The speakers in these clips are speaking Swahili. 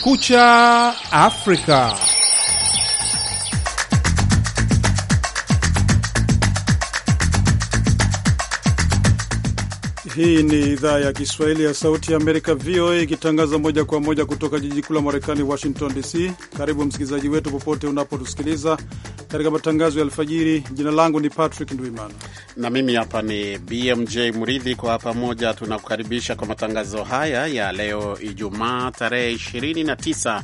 Kucha Afrika. Hii ni idhaa ya Kiswahili ya Sauti ya Amerika, VOA, ikitangaza moja kwa moja kutoka jiji kuu la Marekani, Washington DC. Karibu msikilizaji wetu, popote unapotusikiliza katika matangazo ya alfajiri. Jina langu ni Patrick Ndwimana na mimi hapa ni BMJ Mridhi. Kwa pamoja tunakukaribisha kwa matangazo haya ya leo Ijumaa tarehe 29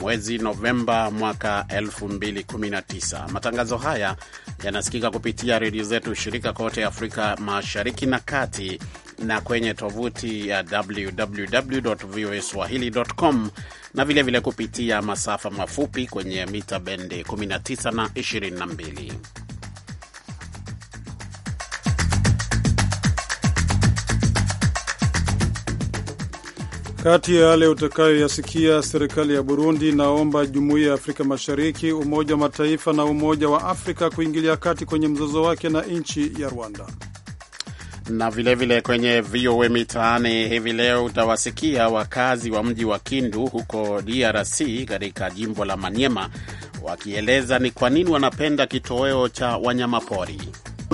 mwezi Novemba mwaka 2019. Matangazo haya yanasikika kupitia redio zetu shirika kote Afrika Mashariki na Kati na kwenye tovuti ya www.voaswahili.com na vilevile vile kupitia masafa mafupi kwenye mita bende 19 na 22. Kati ya yale utakayoyasikia, serikali ya Burundi inaomba jumuiya ya Afrika Mashariki, Umoja wa Mataifa na Umoja wa Afrika kuingilia kati kwenye mzozo wake na nchi ya Rwanda na vilevile vile kwenye VOA Mitaani hivi leo utawasikia wakazi wa mji wa Kindu huko DRC katika jimbo la Maniema wakieleza ni kwa nini wanapenda kitoweo cha wanyamapori.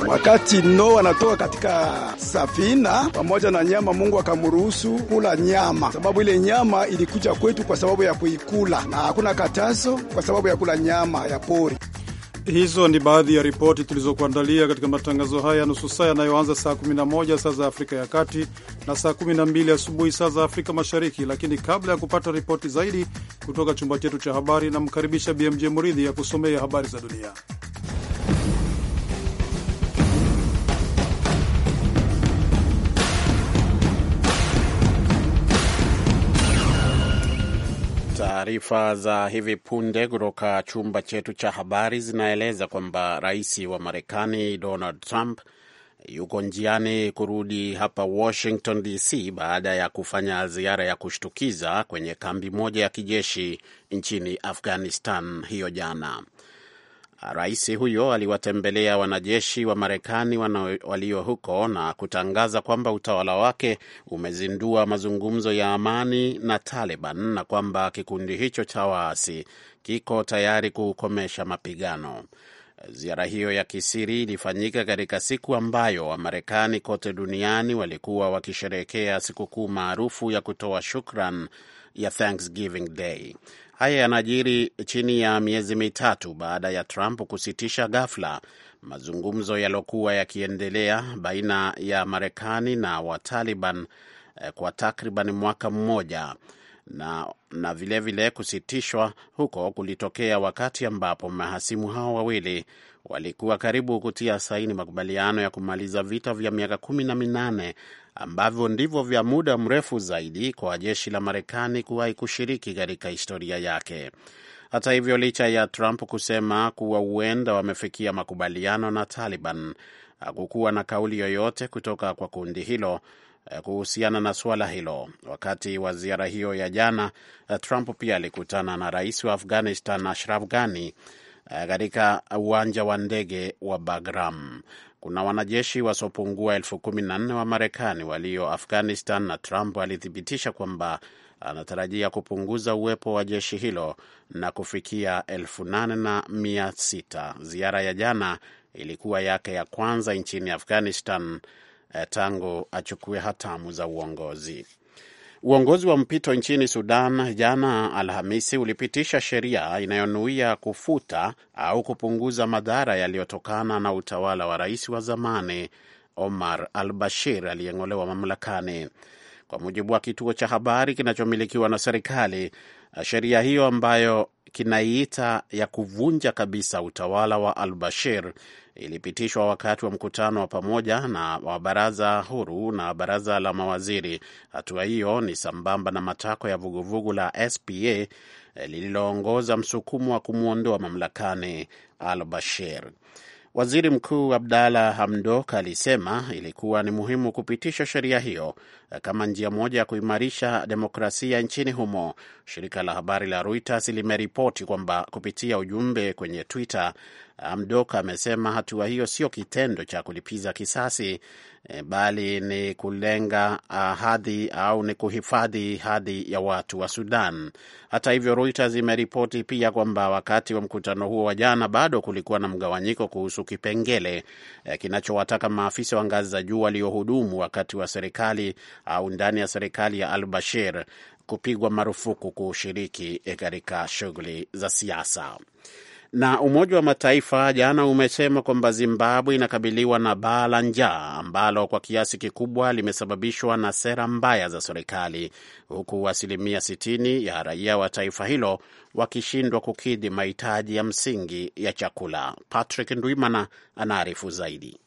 Wakati Noa anatoka katika safina pamoja na nyama, Mungu akamruhusu kula nyama, sababu ile nyama ilikuja kwetu kwa sababu ya kuikula, na hakuna katazo kwa sababu ya kula nyama ya pori. Hizo ni baadhi ya ripoti tulizokuandalia katika matangazo haya ya nusu saa yanayoanza saa 11 saa za Afrika ya Kati na saa 12 asubuhi saa za Afrika Mashariki. Lakini kabla ya kupata ripoti zaidi kutoka chumba chetu cha habari, namkaribisha BMJ Muridhi ya kusomea habari za dunia. Taarifa za hivi punde kutoka chumba chetu cha habari zinaeleza kwamba rais wa Marekani Donald Trump yuko njiani kurudi hapa Washington DC baada ya kufanya ziara ya kushtukiza kwenye kambi moja ya kijeshi nchini Afghanistan hiyo jana. Rais huyo aliwatembelea wanajeshi wa Marekani walio huko na kutangaza kwamba utawala wake umezindua mazungumzo ya amani na Taliban na kwamba kikundi hicho cha waasi kiko tayari kukomesha mapigano. Ziara hiyo ya kisiri ilifanyika katika siku ambayo Wamarekani kote duniani walikuwa wakisherehekea sikukuu maarufu ya kutoa shukran ya Thanksgiving Day. Haya yanajiri chini ya miezi mitatu baada ya Trump kusitisha ghafla mazungumzo yaliokuwa yakiendelea baina ya Marekani na Wataliban eh, kwa takriban mwaka mmoja na na vilevile vile kusitishwa huko kulitokea wakati ambapo mahasimu hao wawili walikuwa karibu kutia saini makubaliano ya kumaliza vita vya miaka kumi na minane ambavyo ndivyo vya muda mrefu zaidi kwa jeshi la Marekani kuwahi kushiriki katika historia yake. Hata hivyo, licha ya Trump kusema kuwa huenda wamefikia makubaliano na Taliban, hakukuwa na kauli yoyote kutoka kwa kundi hilo eh, kuhusiana na suala hilo. Wakati wa ziara hiyo ya jana, eh, Trump pia alikutana na rais wa Afghanistan Ashraf Ghani Eh, katika uwanja wa ndege wa Bagram. Kuna wanajeshi wasiopungua elfu kumi na nne wa Marekani walio Afghanistan na Trump alithibitisha kwamba anatarajia kupunguza uwepo wa jeshi hilo na kufikia elfu nane na mia sita. Ziara ya jana ilikuwa yake ya kwanza nchini Afghanistan eh, tangu achukue hatamu za uongozi. Uongozi wa mpito nchini Sudan jana Alhamisi ulipitisha sheria inayonuia kufuta au kupunguza madhara yaliyotokana na utawala wa rais wa zamani Omar al Bashir aliyeng'olewa mamlakani. Kwa mujibu wa kituo cha habari kinachomilikiwa na serikali, sheria hiyo ambayo kinaiita ya kuvunja kabisa utawala wa al Bashir ilipitishwa wakati wa mkutano wa pamoja na wa baraza huru na baraza la mawaziri. Hatua hiyo ni sambamba na matakwa ya vuguvugu la SPA eh, lililoongoza msukumo wa kumwondoa mamlakani al Bashir. Waziri Mkuu Abdalla Hamdok alisema ilikuwa ni muhimu kupitisha sheria hiyo kama njia moja ya kuimarisha demokrasia nchini humo. Shirika la habari la Reuters limeripoti kwamba kupitia ujumbe kwenye Twitter, Amdok amesema hatua hiyo sio kitendo cha kulipiza kisasi e, bali ni kulenga hadhi au ni kuhifadhi hadhi ya watu wa Sudan. Hata hivyo, Reuters imeripoti pia kwamba wakati wa mkutano huo wa jana bado kulikuwa na mgawanyiko kuhusu kipengele e, kinachowataka maafisa wa ngazi za juu waliohudumu wakati wa serikali au ndani ya serikali ya Al Bashir kupigwa marufuku kushiriki katika shughuli za siasa. Na Umoja wa Mataifa jana umesema kwamba Zimbabwe inakabiliwa na baa la njaa ambalo kwa kiasi kikubwa limesababishwa na sera mbaya za serikali, huku asilimia 60 ya raia wa taifa hilo wakishindwa kukidhi mahitaji ya msingi ya chakula. Patrick Ndwimana anaarifu zaidi.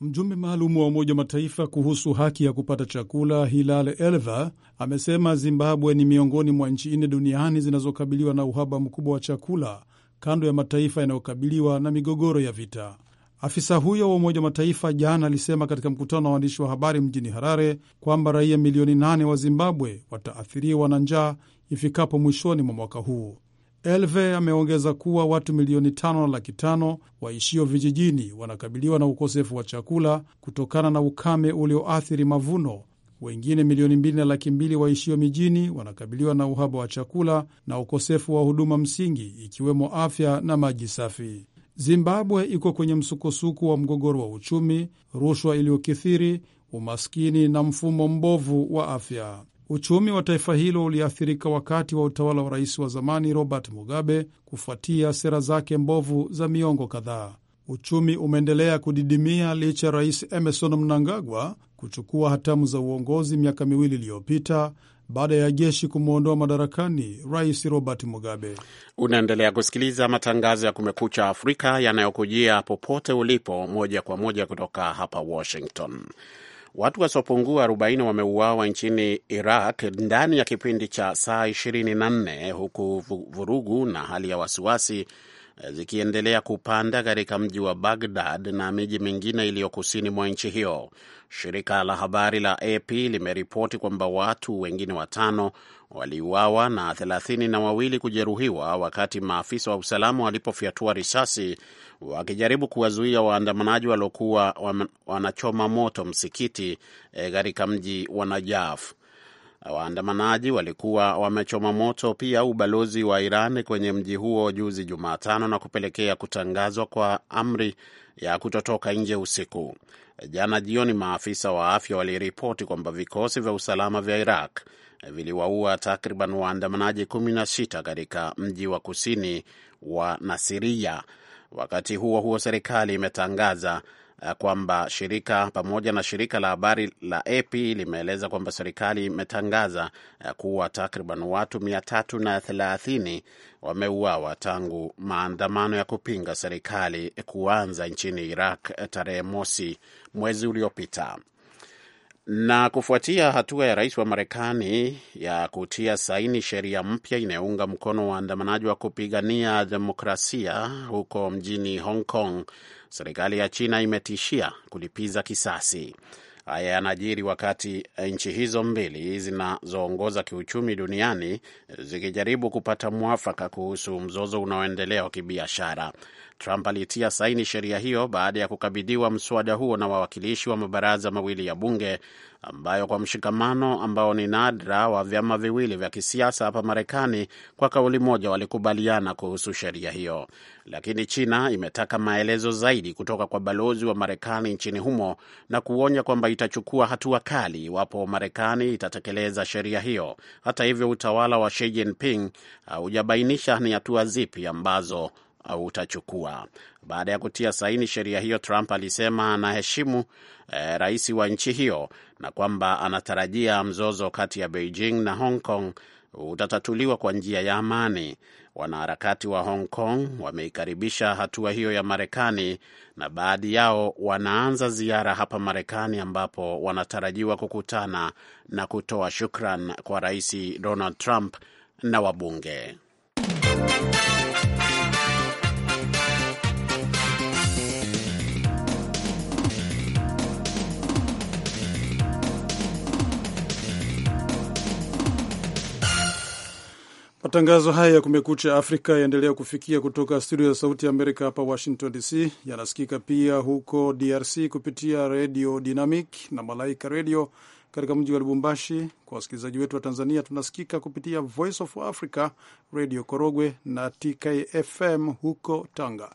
Mjumbe maalum wa Umoja wa Mataifa kuhusu haki ya kupata chakula Hilal Elva amesema Zimbabwe ni miongoni mwa nchi nne duniani zinazokabiliwa na uhaba mkubwa wa chakula kando ya mataifa yanayokabiliwa na migogoro ya vita. Afisa huyo wa Umoja wa Mataifa jana alisema katika mkutano wa waandishi wa habari mjini Harare kwamba raia milioni nane wa Zimbabwe wataathiriwa na njaa ifikapo mwishoni mwa mwaka huu. Elve ameongeza kuwa watu milioni tano na laki tano waishio vijijini wanakabiliwa na ukosefu wa chakula kutokana na ukame ulioathiri mavuno. Wengine milioni mbili na laki mbili waishio mijini wanakabiliwa na uhaba wa chakula na ukosefu wa huduma msingi ikiwemo afya na maji safi. Zimbabwe iko kwenye msukosuko wa mgogoro wa uchumi, rushwa iliyokithiri, umaskini na mfumo mbovu wa afya. Uchumi wa taifa hilo uliathirika wakati wa utawala wa rais wa zamani Robert Mugabe kufuatia sera zake mbovu za miongo kadhaa. Uchumi umeendelea kudidimia licha ya rais Emerson Mnangagwa kuchukua hatamu za uongozi miaka miwili iliyopita baada ya jeshi kumwondoa madarakani rais Robert Mugabe. Unaendelea kusikiliza matangazo ya Kumekucha Afrika yanayokujia popote ulipo, moja kwa moja kutoka hapa Washington. Watu wasiopungua 40 wameuawa nchini Iraq ndani ya kipindi cha saa 24 huku vurugu na hali ya wasiwasi eh, zikiendelea kupanda katika mji wa Bagdad na miji mingine iliyo kusini mwa nchi hiyo. Shirika la habari la AP limeripoti kwamba watu wengine watano waliuawa na thelathini na wawili kujeruhiwa wakati maafisa wa usalama walipofyatua risasi wakijaribu kuwazuia waandamanaji waliokuwa wanachoma moto msikiti e, katika e, mji wa Najaf. Waandamanaji walikuwa wamechoma moto pia ubalozi wa Iran kwenye mji huo juzi Jumatano na kupelekea kutangazwa kwa amri ya kutotoka nje usiku. Jana jioni, maafisa wa afya waliripoti kwamba vikosi vya usalama vya Iraq viliwaua takriban waandamanaji 16 katika mji wa kusini wa Nasiria. Wakati huo huo, serikali imetangaza eh, kwamba shirika pamoja na shirika la habari la AP limeeleza kwamba serikali imetangaza eh, kuwa takriban watu 330 wameuawa tangu maandamano ya kupinga serikali kuanza nchini Iraq eh, tarehe mosi mwezi uliopita. Na kufuatia hatua ya rais wa Marekani ya kutia saini sheria mpya inayounga mkono waandamanaji wa kupigania demokrasia huko mjini Hong Kong, serikali ya China imetishia kulipiza kisasi. Haya yanajiri wakati eh, nchi hizo mbili zinazoongoza kiuchumi duniani eh, zikijaribu kupata mwafaka kuhusu mzozo unaoendelea wa kibiashara. Trump alitia saini sheria hiyo baada ya kukabidhiwa mswada huo na wawakilishi wa mabaraza mawili ya bunge ambayo kwa mshikamano ambao ni nadra wa vyama viwili vya kisiasa hapa Marekani, kwa kauli moja walikubaliana kuhusu sheria hiyo. Lakini China imetaka maelezo zaidi kutoka kwa balozi wa Marekani nchini humo na kuonya kwamba itachukua hatua kali iwapo Marekani itatekeleza sheria hiyo. Hata hivyo, utawala wa Xi Jinping haujabainisha ni hatua zipi ambazo utachukua. Baada ya kutia saini sheria hiyo, Trump alisema anaheshimu eh, rais wa nchi hiyo na kwamba anatarajia mzozo kati ya Beijing na Hong Kong utatatuliwa kwa njia ya amani. Wanaharakati wa Hong Kong wameikaribisha hatua hiyo ya Marekani na baadhi yao wanaanza ziara hapa Marekani ambapo wanatarajiwa kukutana na kutoa shukran kwa Rais Donald Trump na wabunge. Matangazo haya ya Kumekucha Afrika yaendelea kufikia kutoka studio za Sauti ya Amerika hapa Washington DC. Yanasikika pia huko DRC kupitia Redio Dynamic na Malaika Redio katika mji wa Lubumbashi. Kwa wasikilizaji wetu wa Tanzania, tunasikika kupitia Voice of Africa, Redio Korogwe na TKFM huko Tanga.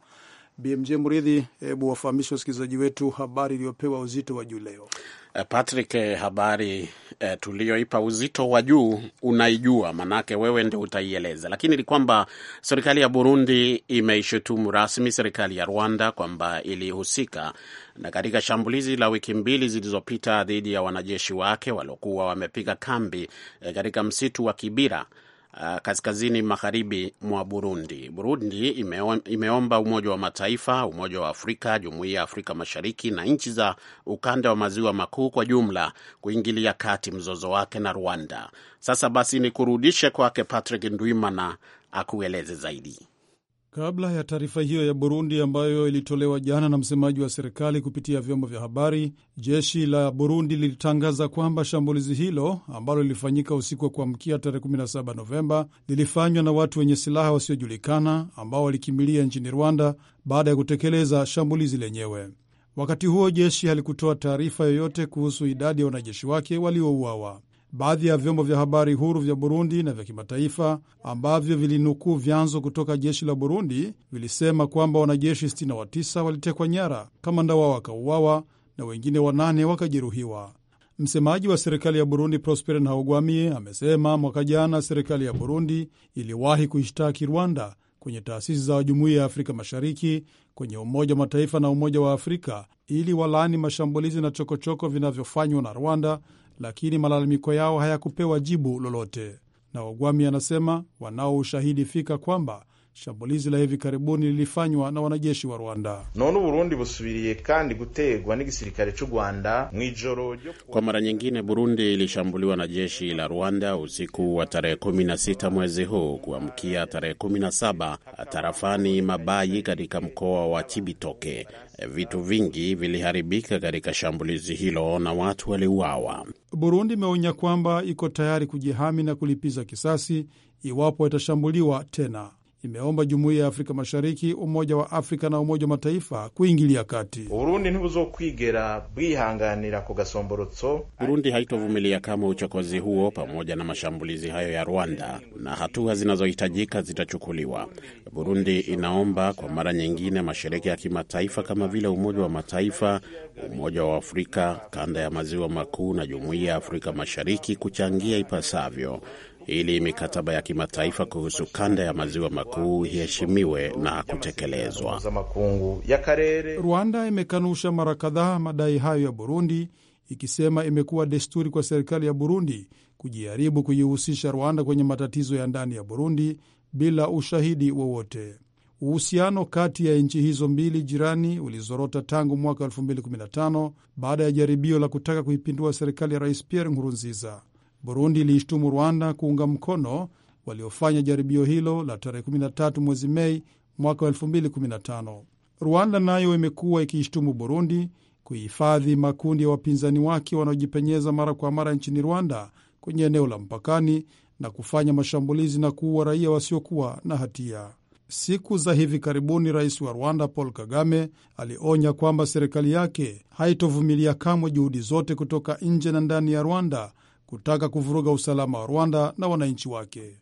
BMJ Mridhi, hebu wafahamishe wasikilizaji wetu habari iliyopewa uzito wa juu leo. Eh, Patrick, eh, habari eh, tuliyoipa uzito wa juu unaijua, manake wewe ndio utaieleza, lakini ni kwamba serikali ya Burundi imeishutumu rasmi serikali ya Rwanda kwamba ilihusika na katika shambulizi la wiki mbili zilizopita dhidi ya wanajeshi wake waliokuwa wamepiga kambi eh, katika msitu wa Kibira uh, kaskazini magharibi mwa Burundi. Burundi imeomba Umoja wa Mataifa, Umoja wa Afrika, Jumuiya ya Afrika Mashariki na nchi za ukanda wa maziwa makuu kwa jumla kuingilia kati mzozo wake na Rwanda. Sasa basi, ni kurudishe kwake Patrick Ndwimana akueleze zaidi. Kabla ya taarifa hiyo ya Burundi ambayo ilitolewa jana na msemaji wa serikali kupitia vyombo vya habari, jeshi la Burundi lilitangaza kwamba shambulizi hilo ambalo lilifanyika usiku wa kuamkia tarehe 17 Novemba lilifanywa na watu wenye silaha wasiojulikana ambao walikimbilia nchini Rwanda baada ya kutekeleza shambulizi lenyewe. Wakati huo jeshi halikutoa taarifa yoyote kuhusu idadi ya wanajeshi wake waliouawa. Baadhi ya vyombo vya habari huru vya Burundi na vya kimataifa ambavyo vilinukuu vyanzo kutoka jeshi la Burundi vilisema kwamba wanajeshi 69 walitekwa nyara, kamanda wao wakauawa na wengine wanane wakajeruhiwa. Msemaji wa serikali ya Burundi Prosper Ntahogwamiye amesema mwaka jana serikali ya Burundi iliwahi kuishtaki Rwanda kwenye taasisi za Jumuiya ya Afrika Mashariki, kwenye Umoja wa Mataifa na Umoja wa Afrika ili walaani mashambulizi na chokochoko vinavyofanywa na Rwanda lakini malalamiko yao hayakupewa jibu lolote. Na Ogwami anasema wanao ushahidi fika kwamba Shambulizi la hivi karibuni lilifanywa na wanajeshi wa Rwanda. none uburundi busubiriye kandi gutegwa n'igisirikare cy'u Rwanda ryo Kwa mara nyingine, Burundi ilishambuliwa na jeshi la Rwanda usiku wa tarehe 16 mwezi huu kuamkia tarehe 17 tarafani Mabayi katika mkoa wa Chibitoke. Vitu vingi viliharibika katika shambulizi hilo na watu waliuawa. Burundi imeonya kwamba iko tayari kujihami na kulipiza kisasi iwapo itashambuliwa tena imeomba jumuiya ya Afrika Mashariki, Umoja wa Afrika na Umoja wa Mataifa kuingilia kati. Urundi ntibuzokwigera bwihanganira ku gasomborotso. Burundi haitovumilia kama uchokozi huo pamoja na mashambulizi hayo ya Rwanda, na hatua zinazohitajika zitachukuliwa. Burundi inaomba kwa mara nyingine mashirika ya kimataifa kama vile Umoja wa Mataifa, Umoja wa Afrika, kanda ya maziwa makuu na Jumuiya ya Afrika Mashariki kuchangia ipasavyo ili mikataba ya kimataifa kuhusu kanda ya maziwa makuu iheshimiwe na kutekelezwa. Rwanda imekanusha mara kadhaa madai hayo ya Burundi, ikisema imekuwa desturi kwa serikali ya Burundi kujaribu kuihusisha Rwanda kwenye matatizo ya ndani ya Burundi bila ushahidi wowote. Uhusiano kati ya nchi hizo mbili jirani ulizorota tangu mwaka 2015 baada ya jaribio la kutaka kuipindua serikali ya Rais Pierre Nkurunziza. Burundi iliishtumu Rwanda kuunga mkono waliofanya jaribio hilo la tarehe 13 mwezi Mei mwaka 2015. Rwanda nayo imekuwa ikiishtumu Burundi kuhifadhi makundi ya wapinzani wake wanaojipenyeza mara kwa mara nchini Rwanda kwenye eneo la mpakani na kufanya mashambulizi na kuua raia wasiokuwa na hatia. Siku za hivi karibuni, rais wa Rwanda Paul Kagame alionya kwamba serikali yake haitovumilia kamwe juhudi zote kutoka nje na ndani ya Rwanda kutaka kuvuruga usalama wa Rwanda na wananchi wake.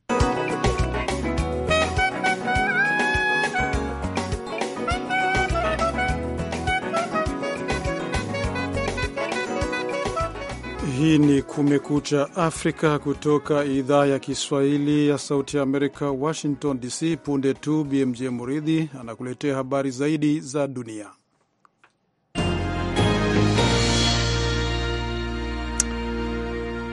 Hii ni Kumekucha Afrika kutoka idhaa ya Kiswahili ya Sauti ya Amerika, Washington DC. Punde tu BMJ Muridhi anakuletea habari zaidi za dunia.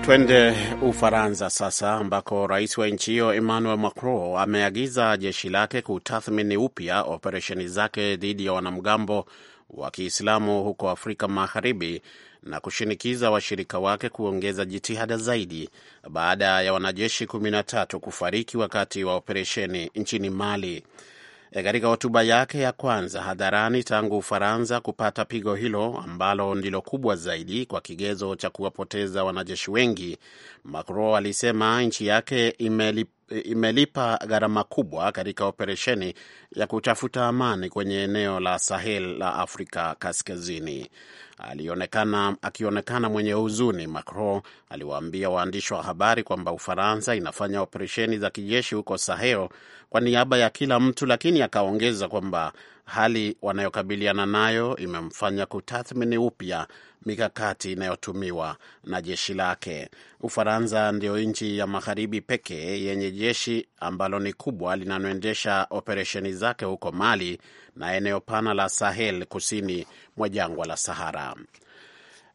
Twende Ufaransa sasa ambako rais wa nchi hiyo Emmanuel Macron ameagiza jeshi lake kutathmini upya operesheni zake dhidi ya wanamgambo wa Kiislamu huko Afrika Magharibi na kushinikiza washirika wake kuongeza jitihada zaidi baada ya wanajeshi 13 kufariki wakati wa operesheni nchini Mali. E, katika hotuba yake ya kwanza hadharani tangu Ufaransa kupata pigo hilo ambalo ndilo kubwa zaidi kwa kigezo cha kuwapoteza wanajeshi wengi, Macron alisema nchi yake imelipa, imelipa gharama kubwa katika operesheni ya kutafuta amani kwenye eneo la Sahel la Afrika Kaskazini alionekana akionekana mwenye huzuni, Macron aliwaambia waandishi wa habari kwamba Ufaransa inafanya operesheni za kijeshi huko Sahel kwa niaba ya kila mtu, lakini akaongeza kwamba hali wanayokabiliana nayo imemfanya kutathmini upya mikakati inayotumiwa na jeshi lake. Ufaransa ndio nchi ya magharibi pekee yenye jeshi ambalo ni kubwa linaloendesha operesheni zake huko Mali na eneo pana la Sahel kusini mwa jangwa la Sahara.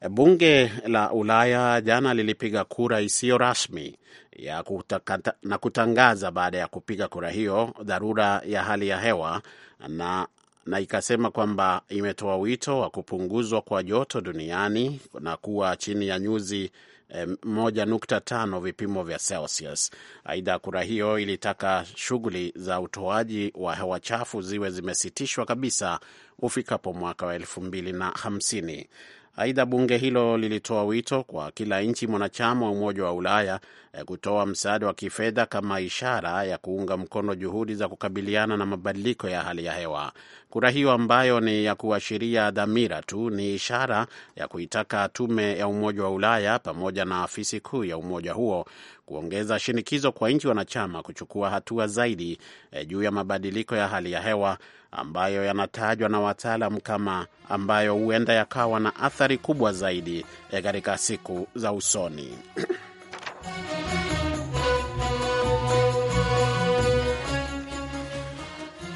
Bunge la Ulaya jana lilipiga kura isiyo rasmi ya kutakata, na kutangaza baada ya kupiga kura hiyo dharura ya hali ya hewa na na ikasema kwamba imetoa wito wa kupunguzwa kwa joto duniani na kuwa chini ya nyuzi 1.5 eh, vipimo vya Celsius. Aidha, kura hiyo ilitaka shughuli za utoaji wa hewa chafu ziwe zimesitishwa kabisa ufikapo mwaka wa elfu mbili na hamsini. Aidha, bunge hilo lilitoa wito kwa kila nchi mwanachama wa Umoja wa Ulaya eh, kutoa msaada wa kifedha kama ishara ya kuunga mkono juhudi za kukabiliana na mabadiliko ya hali ya hewa. Kura hiyo ambayo ni ya kuashiria dhamira tu ni ishara ya kuitaka tume ya Umoja wa Ulaya pamoja na afisi kuu ya umoja huo kuongeza shinikizo kwa nchi wanachama kuchukua hatua zaidi eh, juu ya mabadiliko ya hali ya hewa ambayo yanatajwa na wataalam kama ambayo huenda yakawa na athari kubwa zaidi eh, katika siku za usoni.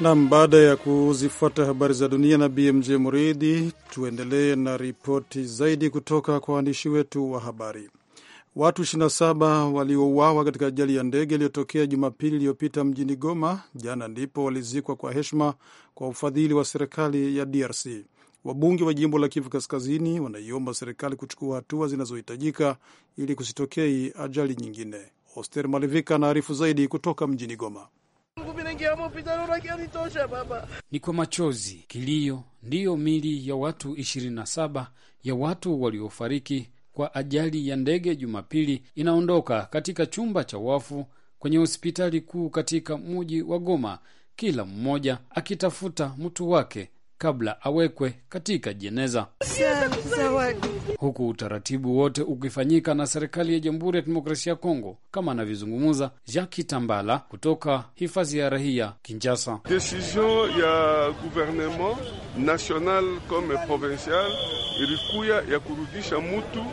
Nam, baada ya kuzifuata habari za dunia na BMJ Muridhi, tuendelee na ripoti zaidi kutoka kwa waandishi wetu wa habari. Watu 27 waliouawa katika ajali ya ndege iliyotokea Jumapili iliyopita mjini Goma jana ndipo walizikwa kwa heshima kwa ufadhili wa serikali ya DRC. Wabunge wa jimbo la Kivu Kaskazini wanaiomba serikali kuchukua hatua zinazohitajika ili kusitokei ajali nyingine. Oster Malivika anaarifu zaidi kutoka mjini Goma. Ni kwa machozi, kilio ndiyo mili ya watu 27 ya watu waliofariki kwa ajali ya ndege Jumapili inaondoka katika chumba cha wafu kwenye hospitali kuu katika mji wa Goma, kila mmoja akitafuta mtu wake kabla awekwe katika jeneza, huku utaratibu wote ukifanyika na serikali ya Jamhuri ya Kidemokrasia ya Kongo, kama anavyozungumza Jaki Tambala kutoka hifadhi ya rahia Kinjasa. Decision ya guvernement national comme provincial ilikuya ya kurudisha mutu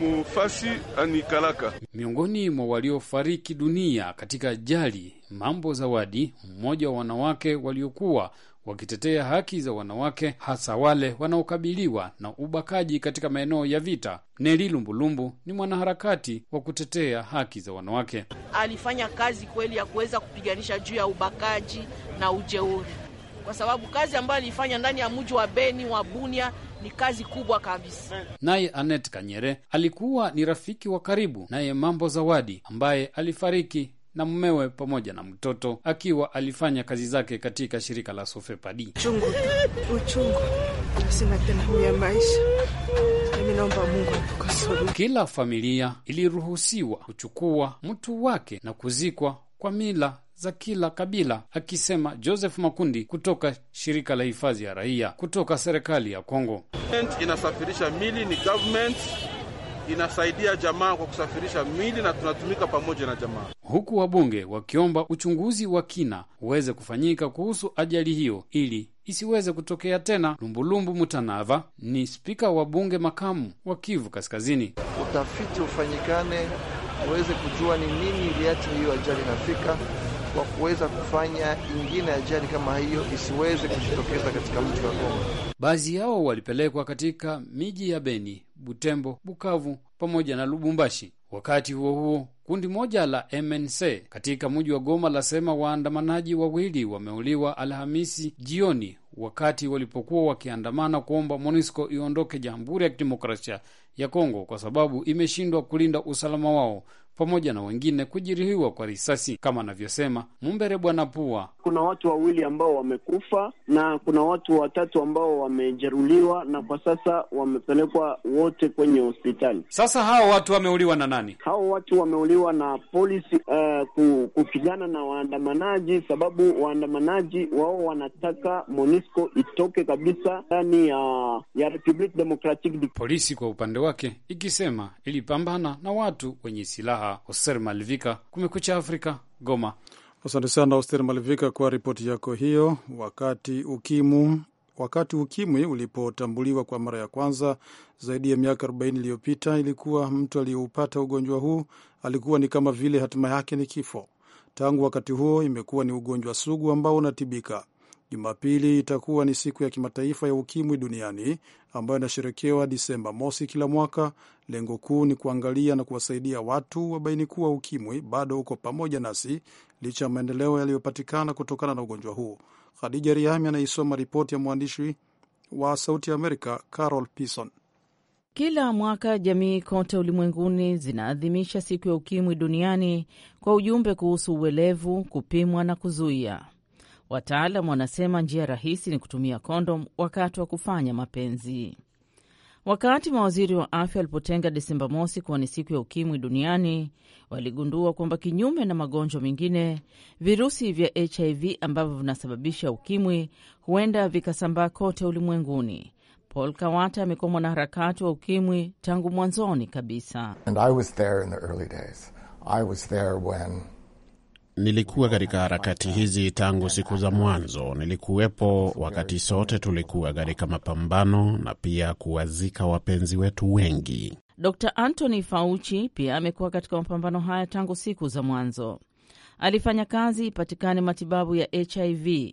Mufasi Anikalaka. Miongoni mwa waliofariki dunia katika ajali Mambo Zawadi, mmoja wa wanawake waliokuwa wakitetea haki za wanawake, hasa wale wanaokabiliwa na ubakaji katika maeneo ya vita. Neli Lumbulumbu ni mwanaharakati wa kutetea haki za wanawake. Alifanya kazi kweli ya kuweza kupiganisha juu ya ubakaji na ujeuri, kwa sababu kazi ambayo aliifanya ndani ya mji wa Beni wa Bunia ni kazi kubwa kabisa. Naye Anet Kanyere alikuwa ni rafiki wa karibu naye Mambo Zawadi ambaye alifariki na mmewe pamoja na mtoto akiwa alifanya kazi zake katika shirika la Sofepadi. uchungu sina tena huya maisha. Mungu, kila familia iliruhusiwa kuchukua mtu wake na kuzikwa kwa mila za kila kabila, akisema Joseph Makundi kutoka shirika la hifadhi ya raia kutoka serikali ya Kongo. Inasafirisha mili ni government inasaidia jamaa kwa kusafirisha mili na tunatumika pamoja na jamaa, huku wabunge wakiomba uchunguzi wa kina uweze kufanyika kuhusu ajali hiyo ili isiweze kutokea tena. Lumbulumbu Mutanava ni spika wa bunge makamu wa Kivu Kaskazini. Utafiti ufanyikane uweze kujua ni nini iliacha hiyo ajali inafika kwa kuweza kufanya ingine ajali kama hiyo isiweze kujitokeza katika mji wa Goma. Baadhi yao walipelekwa katika miji ya Beni, Butembo, Bukavu pamoja na Lubumbashi. Wakati huo huo, kundi moja la MNC katika mji wa Goma lasema waandamanaji wawili wameuliwa Alhamisi jioni wakati walipokuwa wakiandamana kuomba MONUSCO iondoke Jamhuri ya Kidemokrasia ya Kongo kwa sababu imeshindwa kulinda usalama wao pamoja na wengine kujeruhiwa kwa risasi, kama anavyosema Mumbere Bwana Pua. Kuna watu wawili ambao wamekufa na kuna watu watatu ambao wamejeruliwa na kwa sasa wamepelekwa wote kwenye hospitali. Sasa hao watu wameuliwa na nani? Hao watu wameuliwa na polisi uh, kupigana na waandamanaji, sababu waandamanaji wao wanataka MONUSCO itoke kabisa ndani ya ya Republic Democratic. Polisi kwa upande wake ikisema ilipambana na watu wenye silaha a ah, Hoser Malvika, Kumekucha Afrika, Goma. Asante sana Hoser Malvika kwa ripoti yako hiyo. Wakati ukimu wakati ukimwi ulipotambuliwa kwa mara ya kwanza zaidi ya miaka 40 iliyopita, ilikuwa mtu aliyeupata ugonjwa huu alikuwa ni kama vile hatima yake ni kifo. Tangu wakati huo imekuwa ni ugonjwa sugu ambao unatibika. Jumapili itakuwa ni siku ya kimataifa ya ukimwi duniani ambayo inasherekewa Disemba mosi kila mwaka. Lengo kuu ni kuangalia na kuwasaidia watu wabaini kuwa ukimwi bado uko pamoja nasi licha ya maendeleo yaliyopatikana kutokana na ugonjwa huu. Khadija Riami anaisoma ripoti ya mwandishi wa Sauti ya Amerika Carol Pison. Kila mwaka jamii kote ulimwenguni zinaadhimisha siku ya ukimwi duniani kwa ujumbe kuhusu uelevu, kupimwa na kuzuia. Wataalam wanasema njia rahisi ni kutumia kondom wakati wa kufanya mapenzi. Wakati mawaziri wa afya walipotenga Desemba mosi kuwa ni siku ya ukimwi duniani, waligundua kwamba kinyume na magonjwa mengine, virusi vya HIV ambavyo vinasababisha ukimwi huenda vikasambaa kote ulimwenguni. Paul Kawata amekuwa mwanaharakati wa ukimwi tangu mwanzoni kabisa. And I was there in the early days. I was there when nilikuwa katika harakati hizi tangu siku za mwanzo. Nilikuwepo wakati sote tulikuwa katika mapambano na pia kuwazika wapenzi wetu wengi. Dr Anthony Fauci pia amekuwa katika mapambano haya tangu siku za mwanzo. Alifanya kazi ipatikane matibabu ya HIV.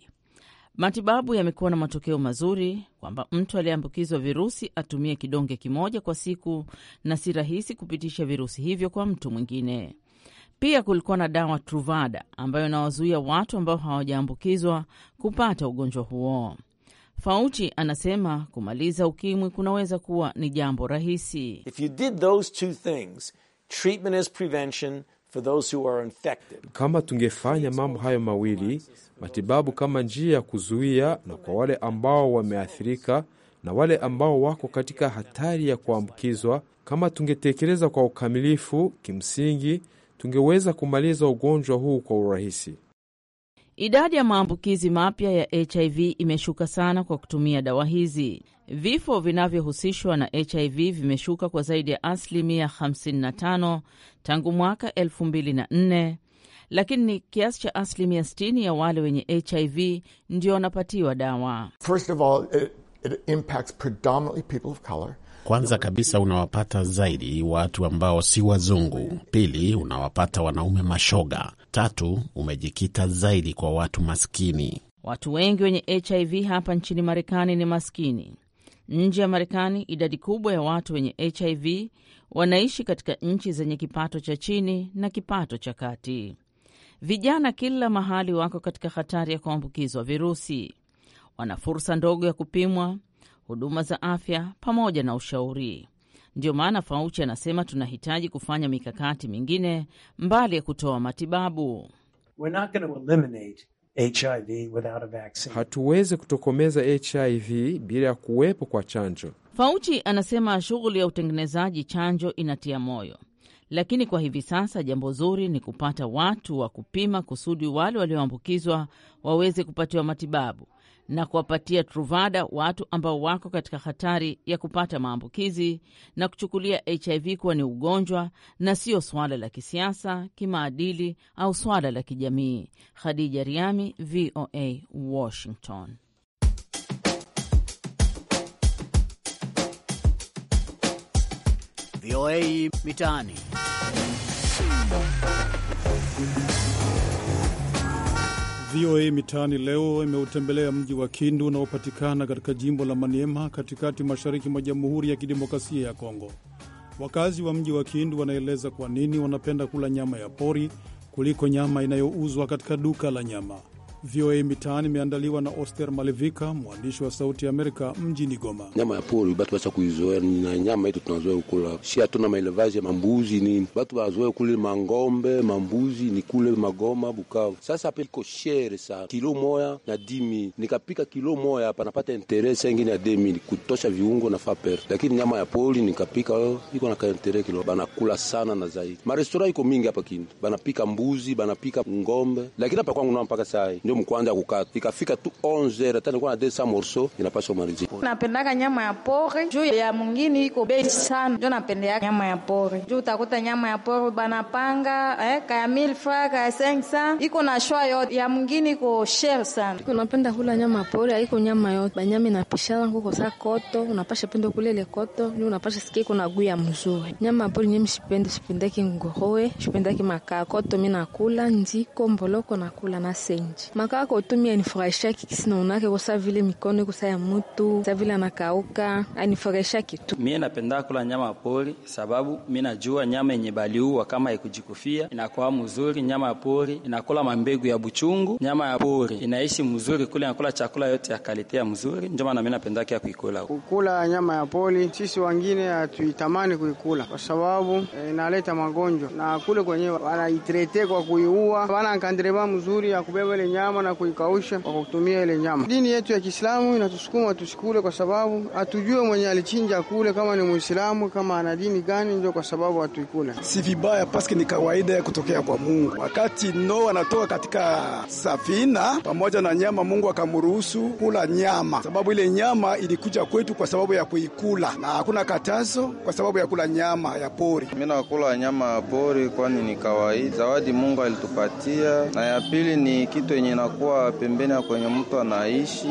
Matibabu yamekuwa na matokeo mazuri kwamba mtu aliyeambukizwa virusi atumie kidonge kimoja kwa siku, na si rahisi kupitisha virusi hivyo kwa mtu mwingine. Pia kulikuwa na dawa Truvada ambayo inawazuia watu ambao hawajaambukizwa kupata ugonjwa huo. Fauci anasema kumaliza ukimwi kunaweza kuwa ni jambo rahisi. If you did those two things, treatment is prevention for those who are infected. Kama tungefanya mambo hayo mawili, matibabu kama njia ya kuzuia, na kwa wale ambao wameathirika na wale ambao wako katika hatari ya kuambukizwa, kama tungetekeleza kwa ukamilifu, kimsingi tungeweza kumaliza ugonjwa huu kwa urahisi. Idadi ya maambukizi mapya ya HIV imeshuka sana kwa kutumia dawa hizi. Vifo vinavyohusishwa na HIV vimeshuka kwa zaidi ya asilimia 55 tangu mwaka 2004, lakini ni kiasi cha asilimia 60 ya wale wenye HIV ndio wanapatiwa dawa. First of all, it, it impacts predominantly people of color. Kwanza kabisa unawapata zaidi watu ambao si wazungu. Pili, unawapata wanaume mashoga. Tatu, umejikita zaidi kwa watu maskini. Watu wengi wenye HIV hapa nchini Marekani ni maskini. Nje ya Marekani, idadi kubwa ya watu wenye HIV wanaishi katika nchi zenye kipato cha chini na kipato cha kati. Vijana kila mahali wako katika hatari ya kuambukizwa virusi, wana fursa ndogo ya kupimwa huduma za afya pamoja na ushauri. Ndiyo maana Fauchi anasema tunahitaji kufanya mikakati mingine mbali ya kutoa matibabu. Hatuwezi kutokomeza HIV bila ya kuwepo kwa chanjo. Fauchi anasema shughuli ya utengenezaji chanjo inatia moyo, lakini kwa hivi sasa jambo zuri ni kupata watu wa kupima kusudi wale walioambukizwa waweze kupatiwa matibabu na kuwapatia Truvada watu ambao wako katika hatari ya kupata maambukizi na kuchukulia HIV kuwa ni ugonjwa na sio swala la kisiasa, kimaadili au swala la kijamii. Khadija Riami, VOA Washington. VOA Mitaani. VOA Mitaani leo imeutembelea mji wa Kindu unaopatikana katika jimbo la Maniema, katikati mashariki mwa Jamhuri ya Kidemokrasia ya Kongo. Wakazi wa mji wa Kindu wanaeleza kwa nini wanapenda kula nyama ya pori kuliko nyama inayouzwa katika duka la nyama. VOA Mitaani imeandaliwa na Oster Malevika, mwandishi wa Sauti ya Amerika mjini Goma. Nyama ya pori batu basa kuizoea na nyama hitu tunazoea kukula si hatuna maelevazi ya mambuzi nini, batu wazoea kule mangombe mambuzi ni kule Magoma, Bukavu. Sasa hapa iko shere sa kilo moya na dimi, nikapika kilo moya hapa napata intere ingine ya demi kutosha viungo na faper, lakini nyama ya pori nikapika iko na kaintere kilo, banakula sana na zaidi. Marestora iko mingi hapa Kindu, banapika mbuzi banapika ngombe, lakini hapa kwangu nao mpaka sai ndio mkwanza kukata, ikafika tu 11 tena kwa na 200 morso inapaswa kumalizika. Napendaka nyama ya pori juu ya mwingine iko bei sana, ndio napendea nyama ya pori juu utakuta nyama ya pori panga eh, kaya 1000 francs kaya 500 iko na shwa yote, ya mwingine iko share sana. Iko napenda kula nyama ya pori, haiko nyama yote banyama inapishana huko sa koto, unapasha penda kule ile koto, ndio unapasha sikia iko na guya mzuri. Nyama ya pori nyemi sipende, sipendeki ngohoe, sipendeki makaa koto, mimi nakula njiko mboloko nakula na senji makaa kotumia nifurahishaki kisi naonake kosa vile mikono kosa ya mutu sa vile anakauka anifurahisha kitu. Mie napenda kula nyama pori sababu mi najua nyama yenye baliua kama ikujikufia inakuwa mzuri. Nyama ya pori inakula mambegu ya buchungu, nyama ya pori inaishi mzuri kule, inakula chakula yote ya kalitea mzuri, ndio maana mi napenda kia kuikula. Kukula nyama ya pori sisi wangine hatuitamani kuikula kwa sababu e, inaleta magonjwa na kule kwenyewe wanaitrete kwa kuiua, wana nkandreva mzuri ya kubeba ile nyama nyama na kuikausha kwa kutumia ile nyama. Dini yetu ya Kiislamu inatusukuma tusikule, kwa sababu hatujue mwenye alichinja kule kama ni Muislamu, kama ana dini gani, ndio kwa sababu hatuikule. Si vibaya, paske ni kawaida ya kutokea kwa Mungu. Wakati Noa anatoka katika safina pamoja na nyama, Mungu akamruhusu kula nyama, sababu ile nyama ilikuja kwetu kwa sababu ya kuikula, na hakuna katazo kwa sababu ya kula nyama ya pori. Mimi nakula nyama ya pori, kwani ni kawaida, zawadi Mungu alitupatia, na ya pili ni kitu yenye inakuwa pembeni ya kwenye mtu anaishi.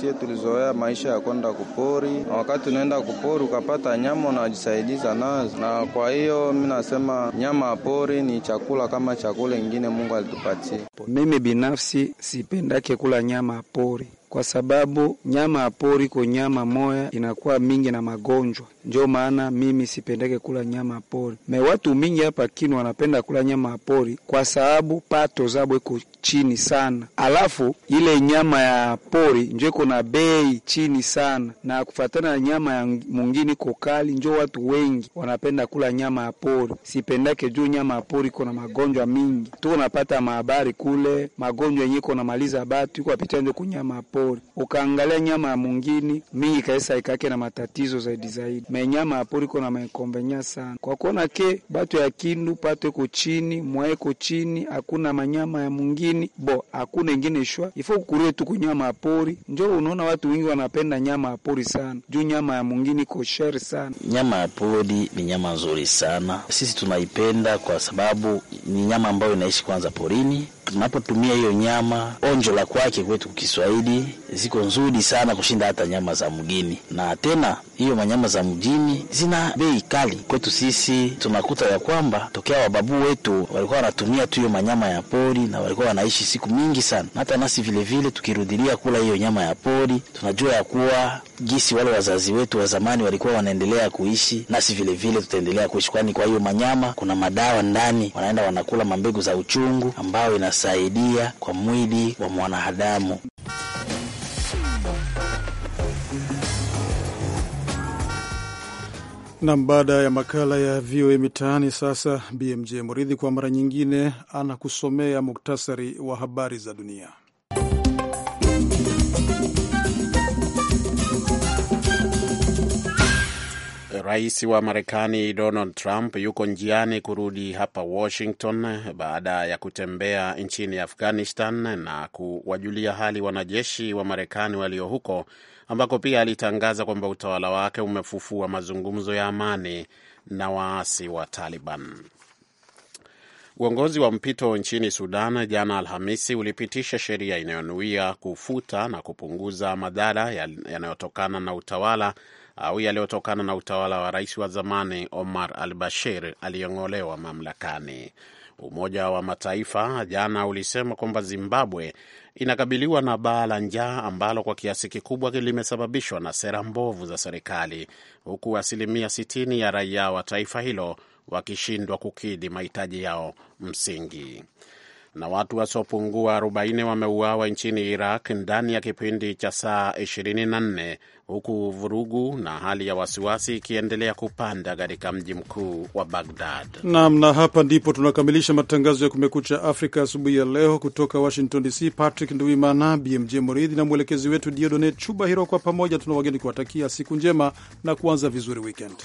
Sie tulizoea maisha ya kwenda kupori, na wakati unaenda kupori ukapata nyama unajisaidiza nazo, na kwa hiyo mi nasema nyama ya pori ni chakula kama chakula ingine Mungu alitupatia. Mimi binafsi sipendake kula nyama ya pori kwa sababu nyama ya pori kwa nyama moya inakuwa mingi na magonjwa Njo maana mimi sipendeke kula nyama pori. Me watu mingi hapa kinu wanapenda kula nyama pori kwa sababu pato zabo iko chini sana, alafu ile nyama ya pori njo iko na bei chini sana, na kufatana na nyama ya mungini iko kali, njo watu wengi wanapenda kula nyama ya pori. Sipendake juu nyama ya pori iko na magonjwa mingi, tuko napata mahabari kule magonjwa yenye iko namaliza batu iko apitia njo kunyama ya pori. Ukaangalia nyama ya mungini mingi kaisa ikake na matatizo zaidi zaidi menyama ya pori iko na maenkombenya sana, kwa kuona ke batu ya kindu pato eko chini, mwa eko chini, hakuna manyama ya mungini bo, hakuna ingine shwa ifo kukurie tu kunyama ya pori. Njo unaona watu wengi wanapenda nyama ya pori sana juu nyama ya mungini iko sheri sana. Nyama ya pori ni nyama nzuri sana, sisi tunaipenda kwa sababu ni nyama ambayo inaishi kwanza porini tunapotumia hiyo nyama onjo la kwake kwetu Kiswahili ziko nzuri sana kushinda hata nyama za mgini, na tena hiyo manyama za mjini zina bei kali kwetu sisi. Tunakuta ya kwamba tokea wababu wetu walikuwa wanatumia tu hiyo manyama ya pori na walikuwa wanaishi siku mingi sana, na hata nasi vilevile tukirudilia kula hiyo nyama ya pori tunajua ya kuwa gisi wale wazazi wetu wa zamani walikuwa wanaendelea kuishi, nasi vilevile tutaendelea kuishi, kwani kwa hiyo manyama kuna madawa ndani, wanaenda wanakula mambegu za uchungu ambayo ina itasaidia kwa mwili wa mwanadamu. Nam, baada ya makala ya VOA Mitaani, sasa BMJ Muridhi kwa mara nyingine anakusomea muktasari wa habari za dunia. Rais wa Marekani Donald Trump yuko njiani kurudi hapa Washington baada ya kutembea nchini Afghanistan na kuwajulia hali wanajeshi wa Marekani walio huko, ambako pia alitangaza kwamba utawala wake umefufua mazungumzo ya amani na waasi wa Taliban. Uongozi wa mpito nchini Sudan jana Alhamisi ulipitisha sheria inayonuia kufuta na kupunguza madhara yanayotokana na utawala au yaliyotokana na utawala wa rais wa zamani Omar al Bashir aliyong'olewa mamlakani. Umoja wa Mataifa jana ulisema kwamba Zimbabwe inakabiliwa na baa la njaa ambalo kwa kiasi kikubwa limesababishwa na sera mbovu za serikali, huku asilimia 60 ya raia wa taifa hilo wakishindwa kukidhi mahitaji yao msingi na watu wasiopungua 40 wameuawa nchini Iraq ndani ya kipindi cha saa 24 huku vurugu na hali ya wasiwasi ikiendelea kupanda katika mji mkuu wa Bagdad. Naam, na hapa ndipo tunakamilisha matangazo ya Kumekucha Afrika asubuhi ya leo kutoka Washington DC. Patrick Nduimana, BMJ Muridhi na mwelekezi wetu Diodone Chuba Hiro, kwa pamoja tuna wageni kuwatakia siku njema na kuanza vizuri wikend.